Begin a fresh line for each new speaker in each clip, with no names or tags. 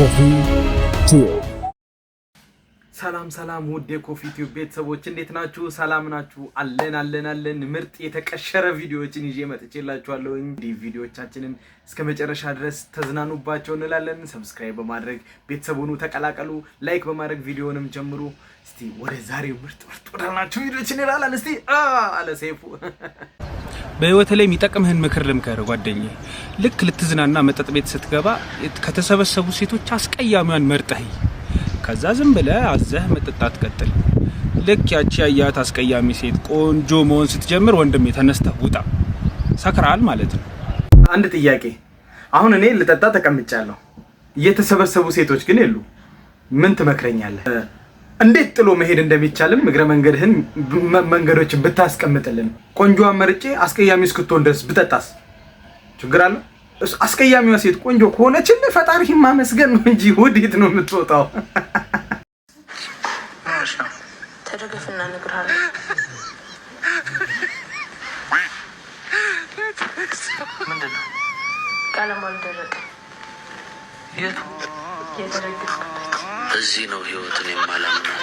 ኮፊ ቲዩብ ሰላም ሰላም፣ ውድ የኮፊ ቲዩብ ቤተሰቦች እንዴት ናችሁ? ሰላም ናችሁ? አለን አለን አለን። ምርጥ የተቀሸረ ቪዲዮዎችን ይዤ መጥቼላችኋለሁ። እንግዲህ ቪዲዮዎቻችንን እስከ መጨረሻ ድረስ ተዝናኑባቸው እንላለን። ሰብስክራይብ በማድረግ ቤተሰቡን ተቀላቀሉ። ላይክ በማድረግ ቪዲዮንም ጀምሩ። እስቲ ወደ ዛሬው ምርጥ ምርጥ ወዳልናቸው ቪዲዮዎችን እንላለን። እስቲ አለ ሰይፉ
በህይወት ላይ የሚጠቅምህን ምክር ልምከር ጓደኝ። ልክ ልትዝናና መጠጥ ቤት ስትገባ ከተሰበሰቡ ሴቶች አስቀያሚዋን መርጠህ ከዛ ዝም ብለህ አዘህ መጠጣት ቀጥል። ልክ ያቺ ያያት አስቀያሚ ሴት ቆንጆ መሆን ስትጀምር ወንድሜ ተነስተህ ውጣ፣ ሰክራል ማለት ነው። አንድ ጥያቄ፣ አሁን እኔ ልጠጣ ተቀምጫለሁ፣ እየተሰበሰቡ ሴቶች ግን የሉ፣ ምን ትመክረኛለህ? እንዴት ጥሎ መሄድ እንደሚቻልም እግረ መንገድህን መንገዶችን ብታስቀምጥልን፣ ቆንጆዋ መርጬ አስቀያሚ እስክትሆን ድረስ ብጠጣስ ችግር አለ? አስቀያሚዋ ሴት ቆንጆ ከሆነችን ፈጣሪ ማመስገን ነው እንጂ ወዴት ነው የምትወጣው? ተደገፍና እነግርሃለሁ። ምንድን ነው ቀለሙ በዚህ ነው ህይወትን የማላምናት።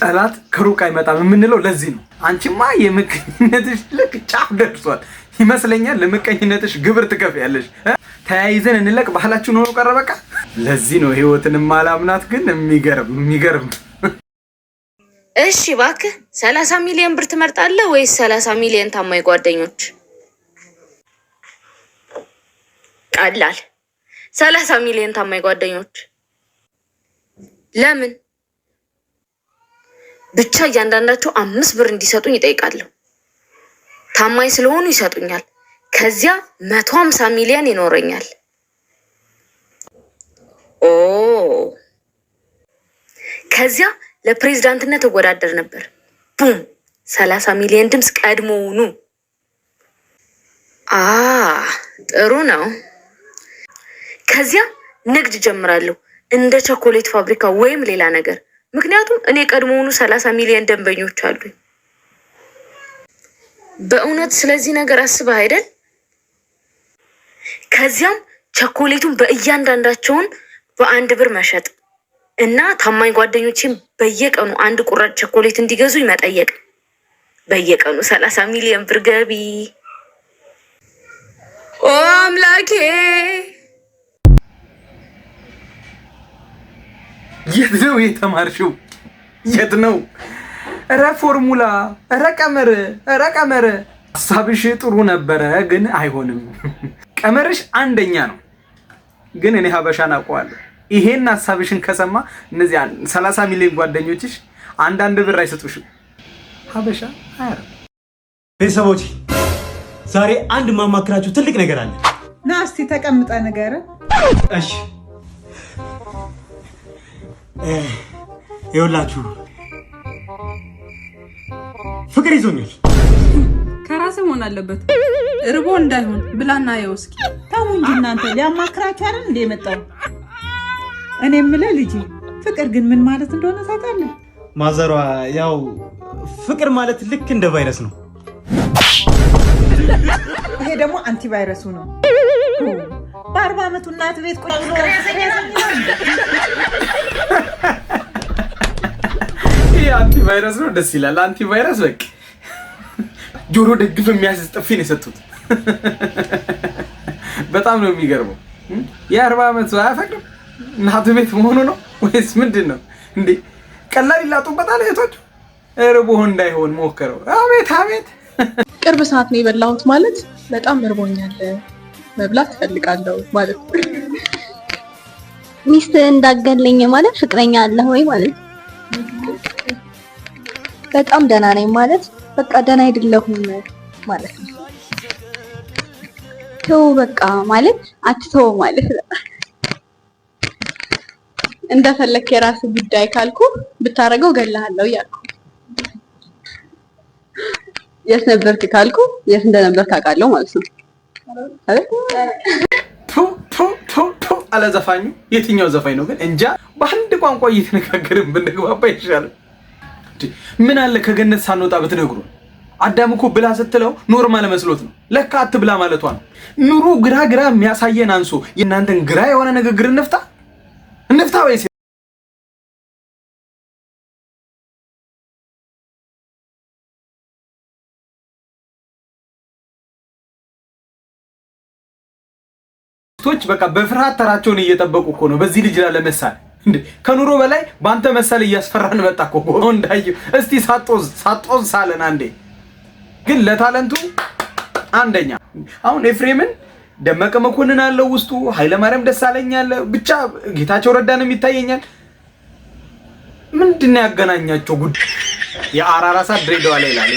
ጠላት ከሩቅ አይመጣም የምንለው ለዚህ ነው። አንቺማ የምቀኝነትሽ ልክ ጫፍ ደርሷል ይመስለኛል። ለምቀኝነትሽ ግብር ትከፍያለሽ። ተያይዘን እንለቅ ባህላችሁን ሆኖ ቀረ በቃ። ለዚህ ነው ህይወትን ማላምናት። ግን የሚገርም የሚገርም።
እሺ እባክህ ሰላሳ ሚሊዮን ብር ትመርጣለህ ወይስ ሰላሳ ሚሊዮን ታማኝ ጓደኞች? ቀላል ሰላሳ ሚሊዮን ታማኝ ጓደኞች ለምን ብቻ እያንዳንዳቸው አምስት ብር እንዲሰጡኝ ይጠይቃለሁ። ታማኝ ስለሆኑ ይሰጡኛል። ከዚያ መቶ ሀምሳ ሚሊዮን ይኖረኛል። ኦ ከዚያ ለፕሬዚዳንትነት እወዳደር ነበር። ቡም ሰላሳ ሚሊዮን ድምፅ ቀድሞውኑ። አ ጥሩ ነው። ከዚያ ንግድ ጀምራለሁ እንደ ቸኮሌት ፋብሪካ ወይም ሌላ ነገር። ምክንያቱም እኔ ቀድሞውኑ ሰላሳ ሚሊዮን ደንበኞች አሉኝ። በእውነት ስለዚህ ነገር አስበህ አይደል? ከዚያም ቸኮሌቱን በእያንዳንዳቸውን በአንድ ብር መሸጥ እና ታማኝ ጓደኞችን በየቀኑ አንድ ቁራጭ ቸኮሌት እንዲገዙ መጠየቅ። በየቀኑ ሰላሳ ሚሊዮን ብር ገቢ። ኦ አምላኬ
የት ነው የተማርሽው? የት ነው? እረ ፎርሙላ፣ እረ ቀመር፣ እረ ቀመር። ሀሳብሽ ጥሩ ነበረ፣ ግን አይሆንም። ቀመርሽ አንደኛ ነው፣ ግን እኔ ሀበሻን አውቀዋለሁ። ይሄን ሀሳብሽን ከሰማ እነዚህ 30 ሚሊዮን ጓደኞችሽ አንዳንድ ብር አይሰጡሽም። ሀበሻ አያረ ቤተሰቦች ዛሬ አንድ ማማክራችሁ ትልቅ ነገር አለ።
ና እስቲ ተቀምጠ ነገር
እሺ ይኸውላችሁ ፍቅር ይዞኛል።
ከራስ መሆን አለበት። እርቦ እንዳይሆን ብላና የውስኪ ተው እንጂ እናንተ ሊያማክራችሁ አይደል እንደ የመጣው። እኔ የምልህ ልጅ ፍቅር ግን ምን ማለት እንደሆነ ታውቃለህ?
ማዘሯ ያው ፍቅር ማለት ልክ እንደ ቫይረስ ነው።
ይሄ ደግሞ አንቲ ቫይረሱ ነው። በአርባ ዓመቱ እናት ቤት ቁጭ ብሎ
አንቲቫይረስ ነው። ደስ ይላል። አንቲቫይረስ በቃ ጆሮ ደግፍ የሚያስዝ ጥፊ ነው የሰጡት። በጣም ነው የሚገርመው። የአርባ ዓመት አያፈቅድም እናቱ ቤት መሆኑ ነው ወይስ ምንድን ነው እንዴ? ቀላል ይላጡበታል እህቶቹ። እርቦህ እንዳይሆን ሞከረው። አቤት አቤት!
ቅርብ ሰዓት ነው የበላሁት ማለት በጣም እርቦኛል። መብላት ፈልጋለሁ ማለት ነው። ሚስት እንዳገለኝ ማለት ፍቅረኛ አለ ወይ ማለት በጣም ደህና ነኝ ማለት በቃ ደህና አይደለሁም ማለት ነው። ተው በቃ ማለት አትተው ማለት ነው። እንደፈለክ የራስ ጉዳይ ካልኩ ብታረገው ገልሃለሁ እያልኩ የት ነበርክ ካልኩ የት እንደነበርክ አውቃለሁ ማለት ነው።
አለ ዘፋኙ። የትኛው ዘፋኝ ነው ግን እንጃ። በአንድ ቋንቋ እየተነጋገርን ብንግባባ ይሻላል። ምን አለ ከገነት ሳንወጣ ብትነግሩ። አዳም እኮ ብላ ስትለው ኖርማል መስሎት ነው። ለካ አትብላ ማለቷ ነው። ኑሮ ግራ ግራ የሚያሳየን አንሶ የእናንተን ግራ የሆነ ንግግር እንፍታ እንፍታ ወይስ አርቲስቶች በቃ በፍርሃት ተራቸውን እየጠበቁ እኮ ነው በዚህ ልጅ ላይ ለመሳል ከኑሮ በላይ በአንተ መሰል እያስፈራን መጣ እኮ እንዳየሁ። እስቲ ሳጦዝ ሳጦዝ ሳለን አንዴ ግን ለታለንቱ አንደኛ አሁን ኤፍሬምን ደመቀ መኮንን አለው ውስጡ ኃይለማርያም ደሳለኝ አለ ብቻ ጌታቸው ረዳንም ይታየኛል። ምንድን ነው ያገናኛቸው ጉዳይ? የአራራሳት ድሬዳዋ ላይ ላለ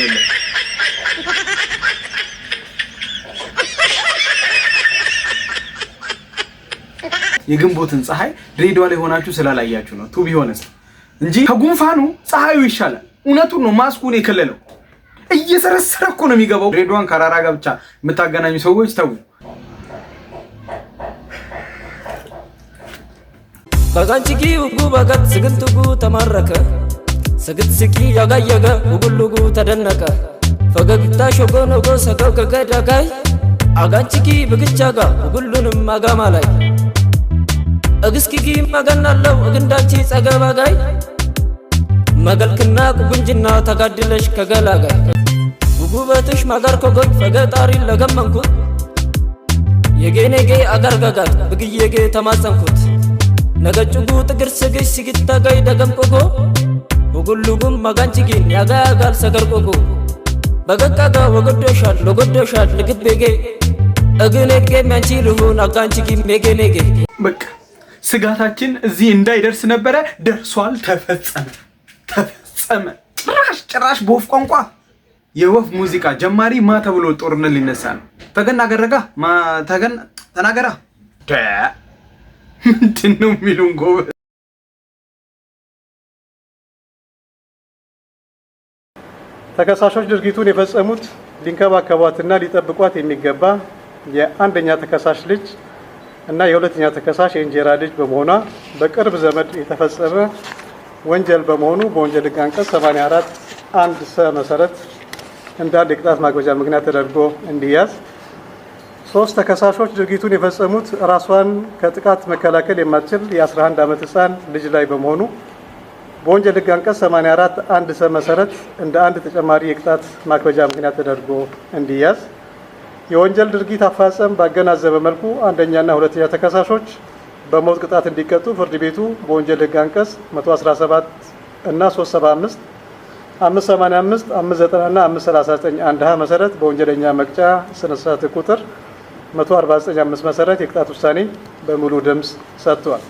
የግንቦትን ፀሐይ ድሬዳዋ ላይ ሆናችሁ ስላላያችሁ ነው። ቱ ቢሆንስ እንጂ ከጉንፋኑ ፀሐዩ ይሻላል። እውነቱን ነው። ማስኩን የከለለው እየሰረሰረ እኮ ነው የሚገባው። ድሬዳዋን ከራራ ጋር ብቻ የምታገናኙ ሰዎች ተው።
በጋንቺጊ ውጉ በቀት ስግንት ውጉ ተማረከ ስግት ስቂ ያጋየገ ውጉልጉ ተደነቀ ፈገግታ ሾጎ ነጎ ሰገብ ከገዳጋይ አጋንቺጊ ብግቻ ጋ ውጉሉንም አጋማ ላይ እግስኪጊ መገናለው እግንዳቺ ጸገባጋይ መገልክና ቁጉንጅና ተጋድለሽ ከገላጋይ ውጉበትሽ ማጋር ኮጎኝ
ፈገጣሪ ለገመንኩት የጌኔጌ አጋርጋጋት ብግዬጌ ተማጸንኩት ነገጭጉ ጥግር ስግሽ ሲግታጋይ ደገምቆጎ ውጉሉጉም መጋንችጊን ያጋያጋል ሰገርቆጎ በገቃጋ ወገዶሻል ለጎዶሻል ልግቤጌ እግኔጌ ሚያንቺ ልሁን አጋንችጊ ሜጌኔጌ በቃ ስጋታችን እዚህ እንዳይደርስ ነበረ። ደርሷል። ተፈጸመ ተፈጸመ። ጭራሽ ጭራሽ በወፍ ቋንቋ የወፍ ሙዚቃ ጀማሪ ማ ተብሎ ጦርነት ሊነሳ ነው። ተገና አገረጋ ተገን ተናገራ ምንድን ነው የሚሉን ጎበ
ተከሳሾች ድርጊቱን የፈጸሙት ሊንከባከቧትና ሊጠብቋት የሚገባ የአንደኛ ተከሳሽ ልጅ እና የሁለተኛ ተከሳሽ የእንጀራ ልጅ በመሆኗ በቅርብ ዘመድ የተፈጸመ ወንጀል በመሆኑ በወንጀል ሕግ አንቀጽ 84 አንድ ሰ መሰረት እንዳንድ የቅጣት ማክበጃ ምክንያት ተደርጎ እንዲያዝ። ሶስት ተከሳሾች ድርጊቱን የፈጸሙት ራሷን ከጥቃት መከላከል የማትችል የ11 ዓመት ህፃን ልጅ ላይ በመሆኑ በወንጀል ሕግ አንቀጽ 84 አንድ ሰ መሰረት እንደ አንድ ተጨማሪ የቅጣት ማክበጃ ምክንያት ተደርጎ እንዲያዝ። የወንጀል ድርጊት አፈጻጸም ባገናዘበ መልኩ አንደኛና ሁለተኛ ተከሳሾች በሞት ቅጣት እንዲቀጡ ፍርድ ቤቱ በወንጀል ህግ አንቀጽ 117 እና 375 585 590 እና 539 አንድ ሀ መሰረት በወንጀለኛ መቅጫ ስነ ስርዓት ቁጥር 1495 መሰረት የቅጣት ውሳኔ በሙሉ ድምፅ ሰጥቷል።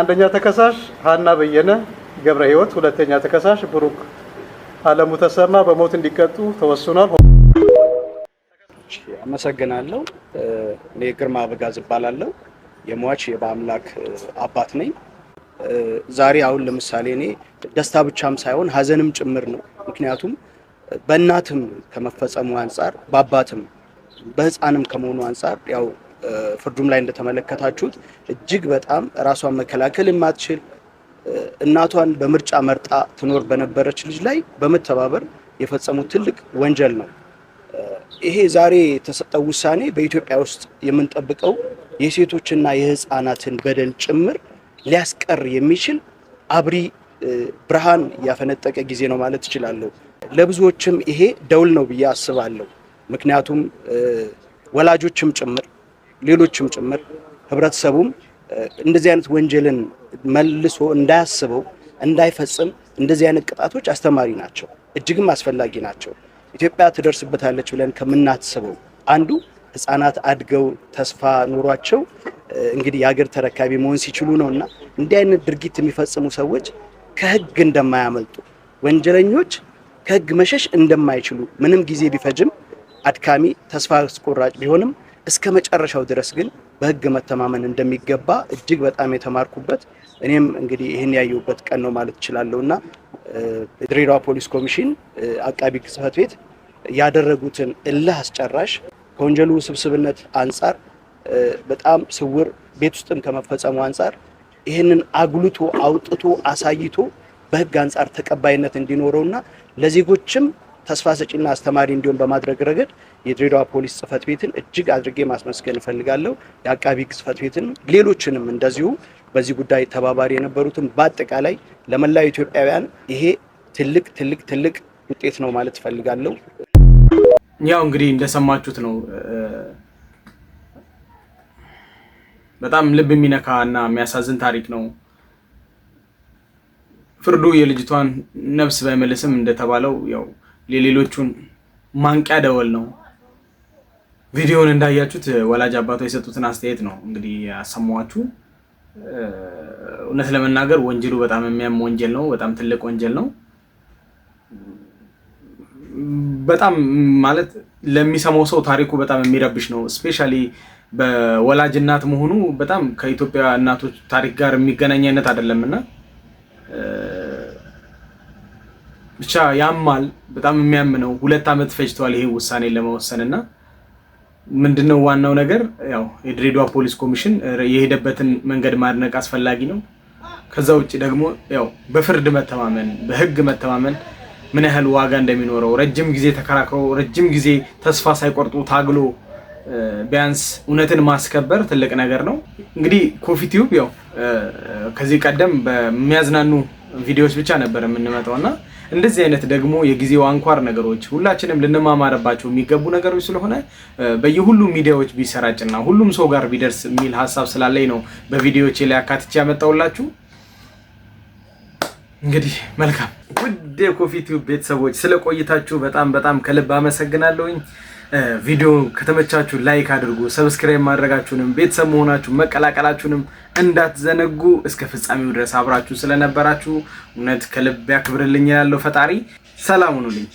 አንደኛ ተከሳሽ ሀና በየነ ገብረ ህይወት ሁለተኛ ተከሳሽ ብሩክ አለሙ ተሰማ በሞት እንዲቀጡ ተወስኗል።
አመሰግናለሁ። እኔ ግርማ አበጋዝ እባላለሁ። የሟች የበአምላክ አባት ነኝ። ዛሬ አሁን ለምሳሌ እኔ ደስታ ብቻም ሳይሆን ሀዘንም ጭምር ነው። ምክንያቱም በእናትም ከመፈጸሙ አንጻር በአባትም በህፃንም ከመሆኑ አንጻር ያው ፍርዱም ላይ እንደተመለከታችሁት እጅግ በጣም ራሷን መከላከል የማትችል እናቷን በምርጫ መርጣ ትኖር በነበረች ልጅ ላይ በመተባበር የፈጸሙት ትልቅ ወንጀል ነው። ይሄ ዛሬ የተሰጠው ውሳኔ በኢትዮጵያ ውስጥ የምንጠብቀው የሴቶችና የህፃናትን በደል ጭምር ሊያስቀር የሚችል አብሪ ብርሃን ያፈነጠቀ ጊዜ ነው ማለት እችላለሁ። ለብዙዎችም ይሄ ደውል ነው ብዬ አስባለሁ። ምክንያቱም ወላጆችም ጭምር ሌሎችም ጭምር ህብረተሰቡም እንደዚህ አይነት ወንጀልን መልሶ እንዳያስበው እንዳይፈጽም እንደዚህ አይነት ቅጣቶች አስተማሪ ናቸው፣ እጅግም አስፈላጊ ናቸው። ኢትዮጵያ ትደርስበታለች ብለን ከምናስበው አንዱ ህጻናት አድገው ተስፋ ኑሯቸው እንግዲህ የሀገር ተረካቢ መሆን ሲችሉ ነው እና እንዲህ አይነት ድርጊት የሚፈጽሙ ሰዎች ከህግ እንደማያመልጡ ወንጀለኞች ከህግ መሸሽ እንደማይችሉ ምንም ጊዜ ቢፈጅም አድካሚ ተስፋ አስቆራጭ ቢሆንም እስከ መጨረሻው ድረስ ግን በህግ መተማመን እንደሚገባ እጅግ በጣም የተማርኩበት እኔም እንግዲህ ይህን ያየሁበት ቀን ነው ማለት እችላለሁ እና የድሬዳዋ ፖሊስ ኮሚሽን አቃቢ ጽህፈት ቤት ያደረጉትን እልህ አስጨራሽ ከወንጀሉ ውስብስብነት አንጻር በጣም ስውር ቤት ውስጥም ከመፈጸሙ አንጻር ይህንን አጉልቶ አውጥቶ አሳይቶ በህግ አንጻር ተቀባይነት እንዲኖረውና ለዜጎችም ተስፋ ሰጪና አስተማሪ እንዲሆን በማድረግ ረገድ የድሬዳዋ ፖሊስ ጽህፈት ቤትን እጅግ አድርጌ ማስመስገን እፈልጋለሁ። የአቃቢ ህግ ጽህፈት ቤትን፣ ሌሎችንም እንደዚሁ በዚህ ጉዳይ ተባባሪ የነበሩትን በአጠቃላይ ለመላው ኢትዮጵያውያን ይሄ ትልቅ ትልቅ ትልቅ ውጤት ነው ማለት እፈልጋለሁ።
ያው እንግዲህ እንደሰማችሁት ነው። በጣም ልብ የሚነካ እና የሚያሳዝን ታሪክ ነው። ፍርዱ የልጅቷን ነፍስ ባይመልስም እንደተባለው ያው የሌሎቹን ማንቂያ ደወል ነው። ቪዲዮውን እንዳያችሁት ወላጅ አባቷ የሰጡትን አስተያየት ነው እንግዲህ ያሰማኋችሁ። እውነት ለመናገር ወንጀሉ በጣም የሚያም ወንጀል ነው። በጣም ትልቅ ወንጀል ነው። በጣም ማለት ለሚሰማው ሰው ታሪኩ በጣም የሚረብሽ ነው። እስፔሻሊ በወላጅ እናት መሆኑ በጣም ከኢትዮጵያ እናቶች ታሪክ ጋር የሚገናኝ አይነት አይደለም ብቻ ያማል። በጣም የሚያምነው ሁለት ዓመት ፈጅተዋል ይሄ ውሳኔ ለመወሰን እና ምንድነው ዋናው ነገር ያው የድሬዳዋ ፖሊስ ኮሚሽን የሄደበትን መንገድ ማድነቅ አስፈላጊ ነው። ከዛ ውጭ ደግሞ ያው በፍርድ መተማመን፣ በህግ መተማመን ምን ያህል ዋጋ እንደሚኖረው ረጅም ጊዜ ተከራክሮ ረጅም ጊዜ ተስፋ ሳይቆርጡ ታግሎ ቢያንስ እውነትን ማስከበር ትልቅ ነገር ነው። እንግዲህ ኮፊ ቲዩብ ያው ከዚህ ቀደም በሚያዝናኑ ቪዲዮዎች ብቻ ነበር የምንመጣው እና እንደዚህ አይነት ደግሞ የጊዜው አንኳር ነገሮች ሁላችንም ልንማማርባቸው የሚገቡ ነገሮች ስለሆነ በየሁሉም ሚዲያዎች ቢሰራጭና ሁሉም ሰው ጋር ቢደርስ የሚል ሀሳብ ስላለኝ ነው በቪዲዮዎቼ ላይ አካትቼ ያመጣውላችሁ። እንግዲህ መልካም ውድ ቲዩብ ቤተሰቦች ስለ ቆይታችሁ በጣም በጣም ከልብ አመሰግናለሁኝ። ቪዲዮ ከተመቻችሁ ላይክ አድርጉ፣ ሰብስክራይብ ማድረጋችሁንም ቤተሰብ መሆናችሁ መቀላቀላችሁንም እንዳትዘነጉ። እስከ ፍጻሜው ድረስ አብራችሁ ስለነበራችሁ እውነት ከልብ ያክብርልኝ ያለው ፈጣሪ ሰላም ሁኑልኝ።